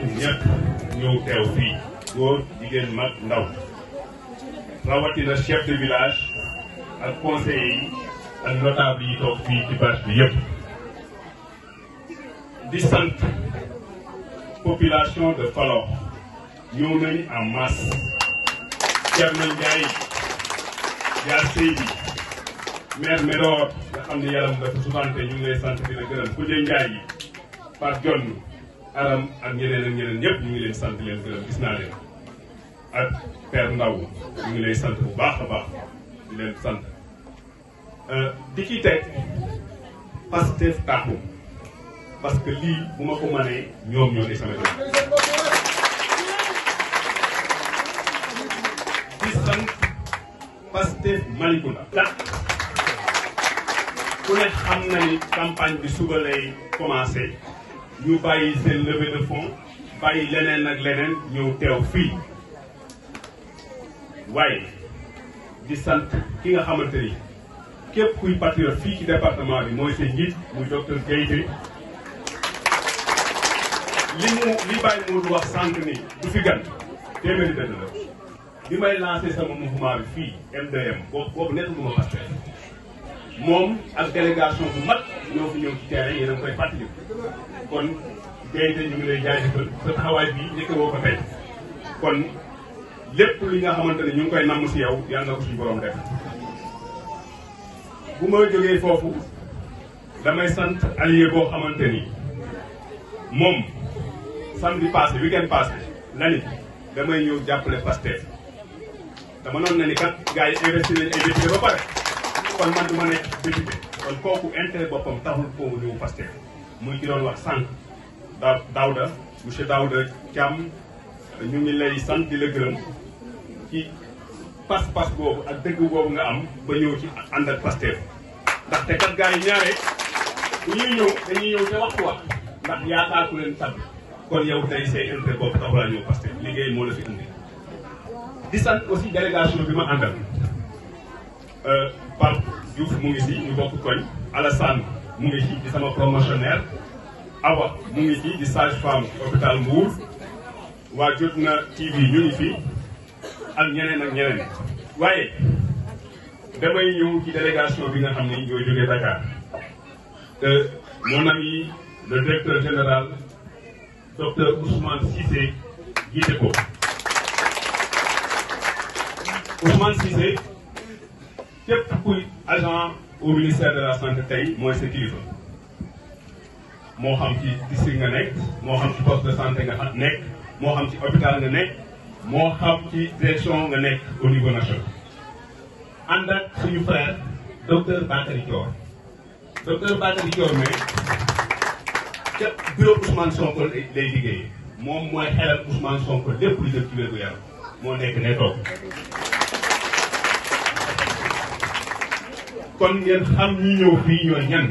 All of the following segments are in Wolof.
ak teew fii góor jigéen mag ndaw rawatina chef village ak conseillers yi ak notable yi toog fii ci bâche bi yëpp di sant population de Falokh ñëw nañ en masse Thierno Ndiaye yaa Seydi maire Médor nga xam ne yaram dafa sutante ñu ngi sant di la gërëm ku jë Ndiaye yi par aram ak ñeneen ak ñeneen ñëpp ñu leen sant leen gërëm gis naa ak Père Ndaw ñu ngi sant bu baax a baax di leen sant euh, di ci teg parce que lii bu ma ko ñoom ñoo di sama jox di sant ku ne xam na ni campagne bi suba lay commencé ñu bàyyi seen levée de fonds bàyyi leneen ak leneen ñëw teew fii waaye di sant ki nga xamante ni képp kuy patriote fii ci département bi mooy seen njiit muy docteur Guèye li mu li bàyyi Modou wax sànq ni du fi gan téeméeri dëgg la bi may lancé sama mouvement bi fii M2M boobu boobu nekkul ma Pastef moom ak délégation bu mat ñoo fi ñëw a ngi koy fàttali kon gayte ñu ngi lay jaajëfal sa taxawaay bi ko tey kon lépp li nga xamante ne ñu ngi koy namm si yow yal na ko suñu borom def bu ma jógee foofu damay sant allié boo xamante ni moom samedi passé weekend bi la ni damay ñëw jàppale Pastef dama noonu na ni kat gars yi investi nañu ay député ba pare kon man du ma nekk député kon kooku intérêt boppam taxul koo ñëw Pastef muy ki doon wax sànq da Daouda monsieur Daouda Thiam ñu ngi lay sant di la gërëm ci pas-pas boobu ak dëgg boobu nga am ba ñëw ci ànd ak Pastef ndaxte kat gaa yi ñaare bu ñuy ñëw dañuy ñëw te waxtu wax ndax yaakaar ku leen tàbbi kon yow tey say intérêt boobu taxul laa ñëw liggéey moo la fi indi di sant aussi délégation bi ma àndal euh, Pape Diouf mu ngi fi ñu bokk koñ Alassane mu ngi fi di sama promotionnaire Awa mu ngi fi di sage femme hôpital Mbour waa jot na TV ñu ak ñeneen ak ñeneen waaye damay ñëw ci délégation bi nga xam ne ñooy jógee Dakar te mon ami le directeur général docteur Ousmane Cissé jiite ko Ousmane képp kuy agent au ministère de la santé tey mooy sa kilifa moo xam ci district nga nekk moo xam ci poste de santé nga nekk moo xam ci hôpital nga nekk moo xam ci direction nga nekk au niveau national. ànd ak suñu frère docteur Bakary Dior docteur Bakary Dior mais ca bureau Ousmane Sonko lay liggéeyee moom mooy xelal Ousmane Sonko lépp li jëm ci wér gu yaram moo nekk ne toog. kon ngeen xam ñu ñëw fii ñooy ñan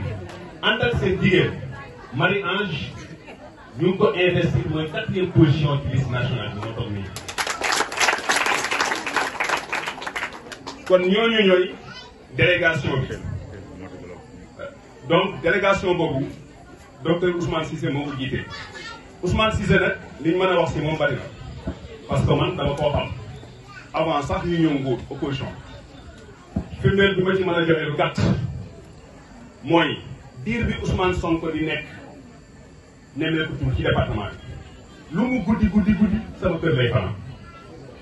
ànd ak seen jigéen Marie Ange ñu ko investir mooy quatrième position ci liste nationale bi ma toog nii. kon ñooñu ñooy délégation bi donc délégation boobu docteur Ousmane Cissé moo ko jiite Ousmane Cissé nag liñ mën a wax si moom bari na parce que man dama koo xam avant sax ñu ñëw nguur opposition. femelle bi ma ci mën a joxe lu gàtt mooy diir bi Ousmane Sonko di nekk nemmeeku tur ci département bi lu mu guddi guddi guddi sama kër lay fanaan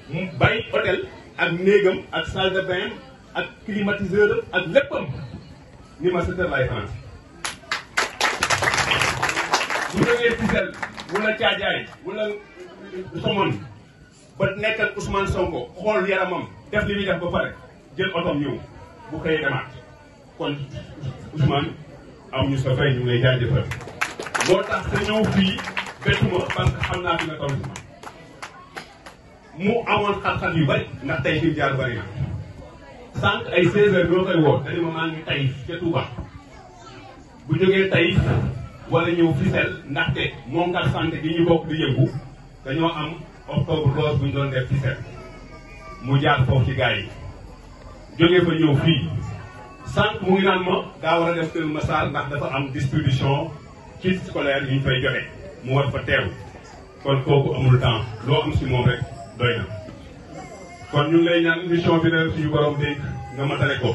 mu bay hôtel ak néegam ak salle de bain ak climatiseur ak léppam ni ma sa kër laay fanaan bu jógee Fissel wala Caajaay wala Somone ba nekkal Ousmane Sonko xool yaramam def li muy def ba pare jël otoom ñëw bu xëyee demaat kon Ousmane am ñu sa ñu ngi lay jaajëfal moo tax sa ñëw fii bettuma parce que xam naa fi nga toll mu amoon xar-xar yu bari ndax tey fi jaar bari na sànq ay 16 heures ñoo koy woo dañu ma maa ngi tey ca Touba bu jógee tey wala ñëw Fissel ndaxte moom ngar santé gi ñu bokk di yëngu dañoo am octobre rose bu doon def Fissel mu jaar foofu ci gars yi jógee fa ñëw fii sànq mu ngi naan ma daa war a def Kër Massar ndax dafa am distribution kit scolaire yu ñu fay joxe mu war fa teew kon kooku amul temps loo am si moom rek doy na kon ñu ngi lay ñaan mission bi na suñu borom dénk nga matale ko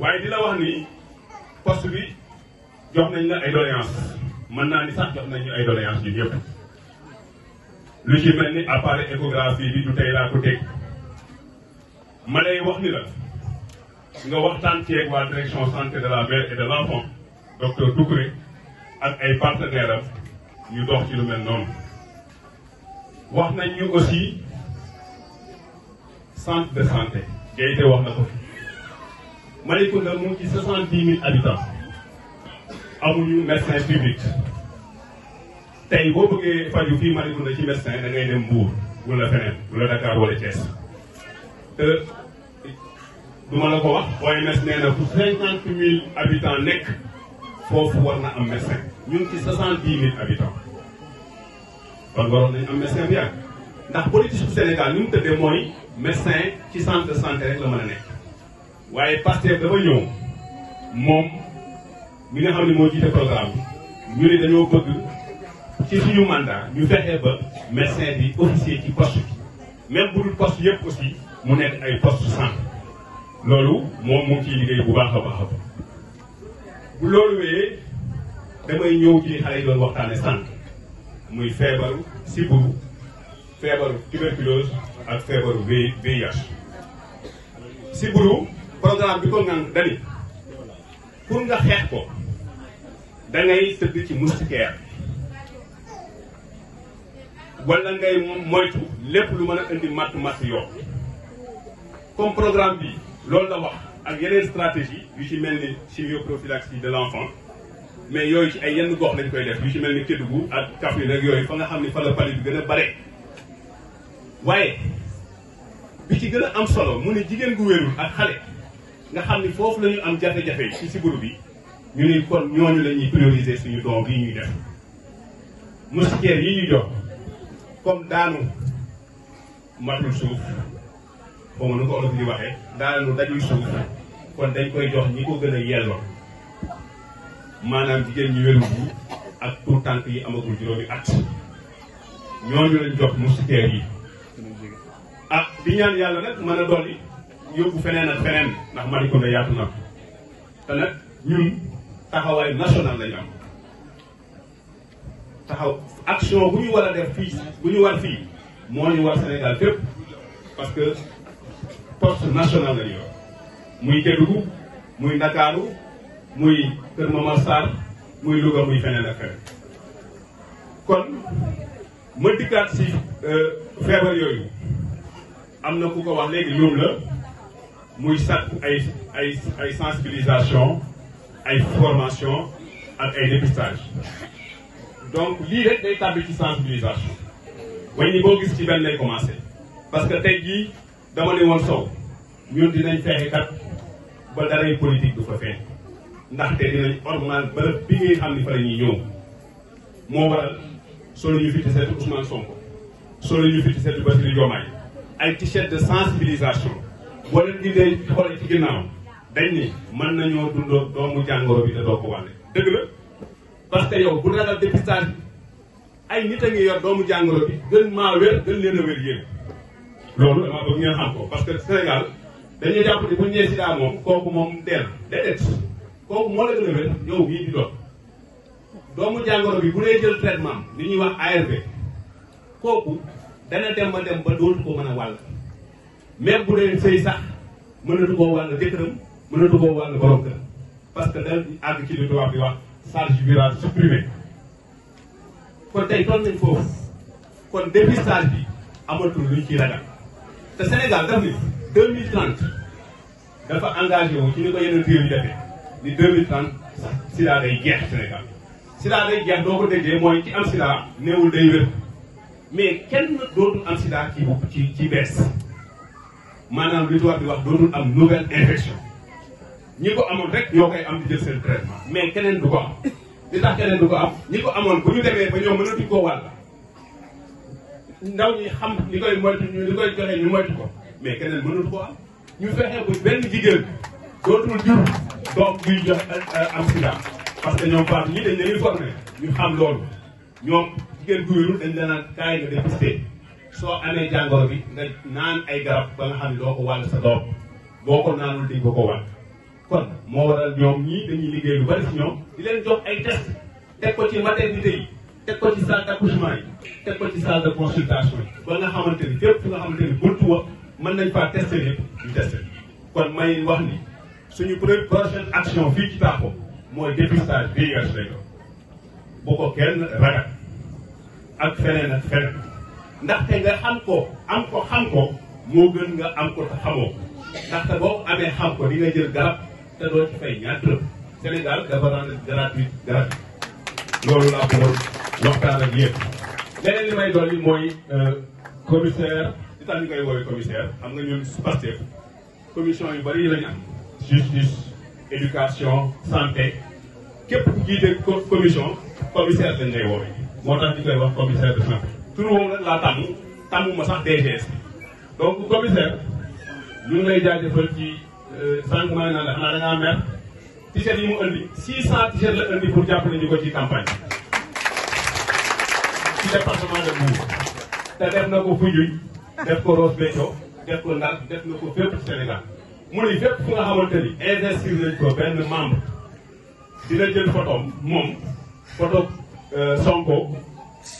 waaye di la wax ni poste bi jox nañ la ay doléance mën naa ni sax jox nañ ñu ay doléance ñun yëpp lu ci mel ni appareil échographie bi du tey laa ko dégg ma lay wax ni la nga waxtaan ceeg waa direction santé de la mère et de l'enfant docteur Doucouré ak ay partenaires am ñu dox ci lu mel noonu wax nañ ñu aussi centre de santé Gaye wax na ko fi Malicounda mu ngi ci soixante dix mille habitants amuñu médecin public tey boo bëggee faju fii Malicounda ci médecin da ngay dem Mbour wala feneen wala Dakar wala Thiès. Nous euh, ma la ko OMS na habitants nekk médecin ñun ci habitants kon médecin bien. ndax politique du Sénégal nous avons tëddee médecin ci centre de santé rek la mën a nekk waaye des ñëw moom mi nga programme mandat ñu médecin bi officier ci poste même bu poste aussi mu nekk ay poste santé loolu moom mu ngi ciy liggéey bu baax a baax a baax bu loolu wéyee damay ñëw ci li xale yi doon waxtaane sànq muy feebaru sibbiru feebaru tuberculose ak feebaru VIH sibbiru programme bi ko ngang dani pour nga xeex ko da ngay tëdd ci moustiquaire wala ngay moytu lépp lu mën a indi matt matt yoo comme programme bi loolu la wax ak yeneen stratégie yu ci mel ni chimioprophylaxie de l' enfant mais yooyu ci ay yenn gox lañ koy def yu ci mel ni Kédougou ak Kaffrine ak yooyu fa nga xam ni fa la pali bi gën a bare waaye bi ci gën a am solo mu ne jigéen gu wérul ak xale nga xam ni foofu la ñu am jafe-jafe ci sibiru bi ñu ni kon ñooñu la ñuy prioriser suñu doom yi ñuy def moustiquaires yi ñu jox comme daanu matul suuf xaw ma nu ko olof di waxee daal lu dajul suuf kon dañ koy jox ñi ko gën a yelloo maanaam jigéen ñi wérul yi ak tout tànk yi amagul juróomi at ñooñu lañ jox moustiquaire yi ah di ñaan yàlla nag mën a dolli yóbbu feneen ak feneen ndax Malicounda yaatu na te nag ñun taxawaay national lañu am taxaw action bu ñu war a def fii bu ñu war fii moo ñu war Sénégal fépp parce force nationale lañu yor muy Kédougou muy Ndakaaru muy Kër Momar Sarr muy Louga muy feneen ak feneen kon ma dikkaat si euh, feebar yooyu am a ku ko wax léegi ñoom la muy sàkk ay ay ay sensibilisation ay formation ak ay dépistage donc lii rek day tàbbi ci sensibilisation. wañ ni gis ci lay commencé parce que tey jii. dama ne woon sow ñun dinañ fexe ba daray politique du ko feeñ ndaxte dinañ ormal bërëb bi ngay xam ni fa la ñuy ñëw moo waral solo ñu fi te seetu Ousmane Sonko solo ñu fi te seetu Bassirou Diomaye ay t-shirt de sensibilisation boo leen gisee ci ginnaaw dañ ni mën nañoo dundoo doomu jàngoro bi te doo ko wàlle dëgg la parce que yow bu ragal dépistage bi ay nit a ngi yor doomu jàngoro bi gën maa wér gën leen a wér yéen loolu damaa bëgg ngeen xam ko parce que Sénégal dañuy jàpp ni bu ñu nee sida moom kooku moom deel déedéet kooku moo la gën a yow bii di doon doomu jàngoro bi bu dee jël traitement li ñuy wax ARV kooku dana dem ba dem ba dootu ko mën a wàll même bu dee sëy sax mënatu koo wàll jëkkëram mënatu koo wàll borom kër parce que dal àgg ci li tubaab di wax charge virale supprimée kon tey toll nañ foofu kon dépistage bi amatul luñ ciy ragal te Sénégal daf ni 2030 dafa engagé wu ci ni ko yeneen réew yi defee ni 2030 sida day jeex Sénégal sida day jeex doo ko déggee mooy ci am sida néewul day wér mais kenn dootul am sida ci ci ci bees maanaam li tubaab bi wax dootul am nouvelle infection ñi ko amoon rek ñoo koy am di jël seen traitement mais keneen du ko am li tax keneen du ko am ñi ko amoon bu ñu demee ba ñoo mënatuñ koo wàll ndaw ñi xam li koy moytu ñu li koy joxe ñu moytu ko mais keneen mënul ko am ñu fexe bu benn jigéen dootul jur doom buy jox euh, am sida parce que ñoom baax ñi dañ leen formé ñu xam loolu ñoom jigéen bu wérul dañ la naan kaay nga dépisté soo amee jàngoro bi naan ay garab ba nga xam ne doo ko wàll sa doom boo ko naanul dañ ko ko wàll kon moo waral ñoom ñii dañuy liggéey lu bari si ñoom di leen jox ay test teg ko ci maternité yi te ko ci salle d'accouchement yi teg ko ci salle de consultation yi ba nga xamante ni fépp nga xamante ni buntu wax mën nañ faa tester lépp ñu kon may wax ni suñu première prochaine action fii ci Taaxo mooy ko kenn ragal ak feneen ak feneen gën nga am ko te xamoo ndaxte boo amee xam loolu laa ko waxtaan ak yéen. leneen li may dolli mooy euh, commissaire li tax ñu koy woowee commissaire xam nga ñun Pastef commission yu bari yi la ñu am. justice éducation santé képp ku jiite commission commissaire lañ lay moo tax ñu koy wax commissaire de santé. tur boobu nag laa tànn tànnuma sax DGS donc commissaire ñu ngi lay jaajëfal ci euh, sànq maa ngi naan la xanaa da ngaa yi mu indi 600 t la indi pour jàppale ñu ko ci campagne département de Mbour te def na ko Foundiougne def ko Ross Béthio def ko Ndar def na ko fépp Sénégal mu ne fépp nga xamante ni investir nañ ko benn membre dina jël photo moom photo euh, Sonko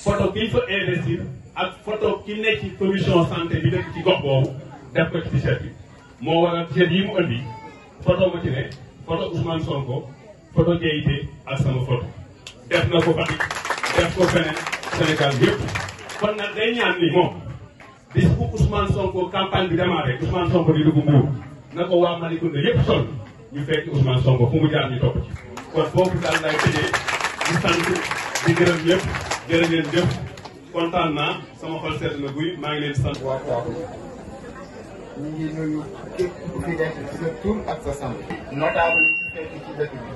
photo ki ñu fa investir ak photo ki nekk ci commission santé bi nekk ci gox boobu def ko ci t-shirt bi moo waral t-shirt yi mu andi photo ma photo Ousmane Sonko photo Diaité ak sama photo def na ko Fatick def ko feneen Sénégal yépp kon nag day ñaan ni moom bis bu Ousmane Sonko campagne bi démarré Ousmane Sonko di dugg Mbour na ko waa Malicounda yépp sol ñu fekk Ousmane Sonko fu mu jaar ñu topp ci kon foofu daal lay tëjee di sant di gërëm yépp gërëm ngeen jëf kontaan naa sama xol sedd na guy maa ngi leen di sant waa Tiwaawan ñu ngi nuyu képp ku fi nekk ci sa tur ak sa sant notable yi fekk ci dëkk bi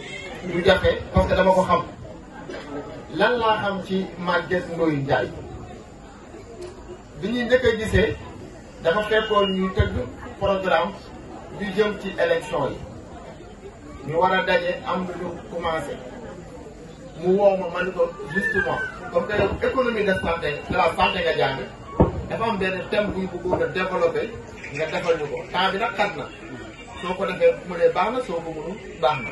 du jafe parce que dama ko xam lan laa xam ci Maguette Ndoye Ndiaye bi ñuy njëkk a gisee dafa fekkoon ñuy tëgg programme bi jëm ci élection yi ñu war a daje am lu ñu commencé mu woo ma ni ko justement comme que yow économie de santé de la santé nga jàng dafa am benn thème bu ñu bëggoon a nga defal ñu ko temps bi nag xat na soo ko defee bu mënee baax na soo ko baax na.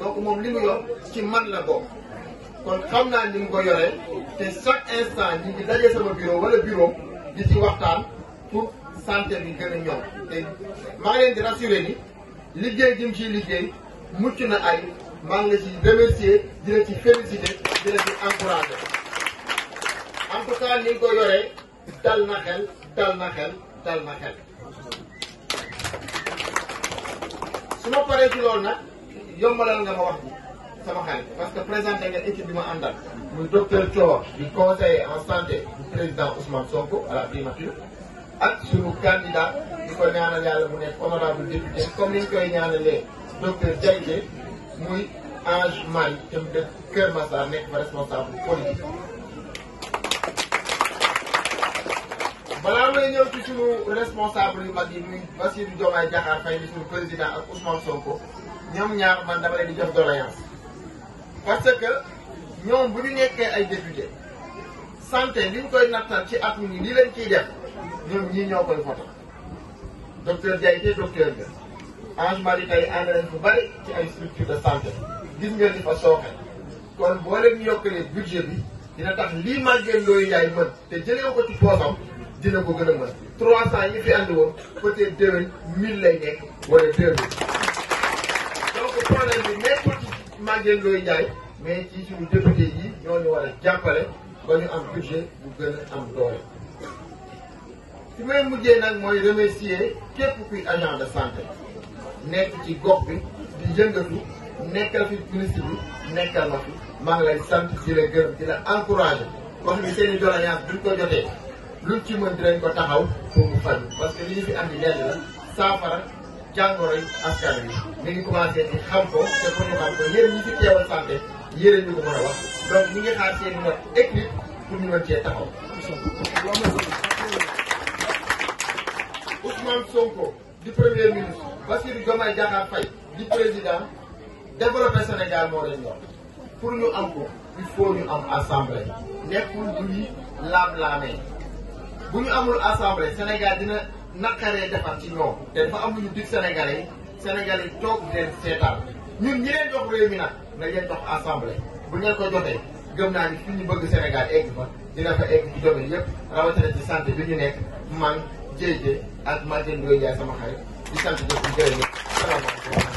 donc moom li mu yor ci man la bokk kon xam naa ni mu ko yoree te chaque instant ñi ngi daje sama bureau wala bureau di ci waxtaan pour santé bi gën a ñoom te maa ngi liggéey jëm ci liggéey mucc na ay maa ngi ci remercier di ci félicité di la ci encouragé en ni nga ko yoree dal na xel dal na xel dal na xel su ma paree ci loolu yombalal nga ma wax bi sama xarit parce que présenté nga équipe bi ma àndal muy docteur Thior du conseil en santé du président Ousmane Sonko à la primature ak sunu candidat di ko ñaanal yàlla mu nekk honorable député comme ni koy ñaanalee docteur Diaye muy Ange Marie te mu def Kër nekk fa responsable politique. balaa may ñëw ci sunu responsable yu mag yi muy Bassirou Diomaye Diakhar Faye di sunu président ak Ousmane Sonko. ñoom ñaar man dama leen di jox doléance parce que ñoom bu ñu nekkee ay député santé li ñu koy nattal ci at ni li leen ciy def ñoom ñii ñoo koy foto docteur Diaye te docteur nga Ange Marie tey ànd nañ fu bari ci ay structure de santé gis nga li fa sooxe kon boo leen yokkalee budget bi dina tax lii màggeen looyu yaay mën te jëlee ko ci poosam dina ko gën a mën trois cent yi fi andi woon peut-être déwén lay nekk wala deux mille problème bi nekkul ci Maguette Ndoye Ndiaye mais ci suñu député yi ñoo ñu war jàppale ba ñu am budget bu gën a am doole. fi may mujjee nag mooy remercier képp kuy agent de santé nekk ci gox bi di yëngatu nekkal fi ministre bi nekkal ma fi maa ngi lay sant di la gërëm di la encouragé wax ni seen i doléances ko jotee lu ci mën dinañ ko taxaw pour mu faju parce que li ñu fi andi lenn la saafara. jàngoroy askan wi mi ngi commencé di xam ko te pour ñu ko yéen ñi fi teewal santé yéen ñu ko mën a wax donc ñi ngi xaar seen note écrite pour ñu mën ñu am ko il ñu am assemblée nekkul du laam-laamee bu ñu amul assemblée Sénégal dina. naqaree defar ci ñoom. te dafa am lu ñu dig Sénégalais yi toog leen seetaan ñun ñi leen jox réew mi na leen jox assemblée bu ñu ko jotee gëm naa ni fi ñu bëgg Sénégal egg fa dina fa egg ci domaine yëpp rawatina ci santé bi ñu nekk man Dieye Dieye ak Madiène Ndoye Ndiaye sama xarit di sant ñëpp di jërëjëf